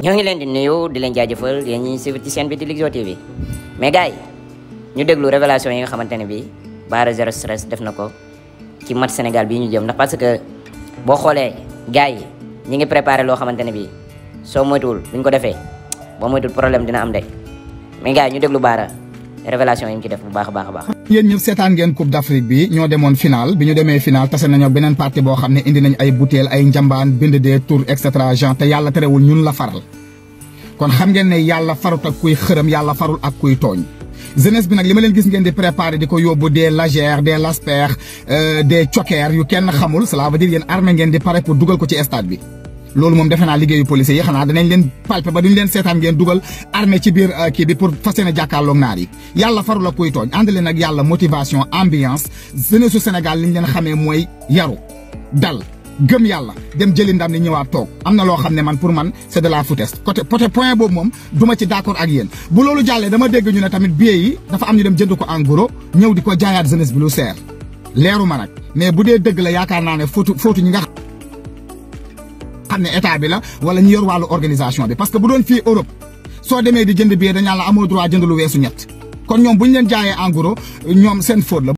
ñoo ngi leen di nuyu di leen jaajëfal yéen si suivre ci chaîne bi di Ligzo TV mais gars ñu déglu révélation yi nga xamante ne bi Bara Zéro Stress def na ko ci match Sénégal bii ñu jëm ndax parce que boo xoolee gars yi ñi ngi préparé loo xamante ne bi soo moytuwul buñ ko defee boo moytuwul problème dina am de mais gars ñu déglu baara révélation yi mu def bu baax a baax a baax yéen ñëpp seetaan ngeen coupe d'Afrique bi ñoo demoon final bi ñu demee final tase nañoo beneen parti boo xam ne indi nañ ay butéel ay njambaan bind des tour et cetera genre te yàlla terewul ñun la faral kon xam ngeen ne yàlla farut ak kuy xërëm yàlla farul ak kuy tooñ jeunesse bi nag li ma leen gis ngeen di préparé di ko yóbbu des lagères des laspers euh, des cokkeer yu kenn xamul cela veut dire yéen armé ngeen di pare pour dugal ko ci stade bi loolu moom defe naa liggéeyu policier yi xanaa danañ leen palper ba duñ leen seetaan ngeen dugal armée ci biir euh, kii bi pour fas yéene jàkkaarloog naar yi yàlla farul ak kuy tooñ ànd leen yàlla motivation ambiance jeunesse su li ñu leen xamee mooy yaru dal gëm yàlla dem jëli ndam ni ñëwaat toog am na loo xam ne man pour man c'est de la foutaise côté côté point boobu moom du ma ci d'accord ak yéen bu loolu jàllee dama dégg ñu ne tamit billets yi dafa am ñu dem jënd ko en gros ñëw di ko jaayaat jeunesse bi lu seer leeru ma nag mais bu dee dëgg la yaakaar naa ne footu footu ñi ne état bi la wala ñu yor wàllu organisation bi parce que bu doon fii Europe soo demee di jënd billet dañaa la amoo droit jënd lu weesu ñett kon ñoom bu ñu leen jaayee en gros ñoom seen faute la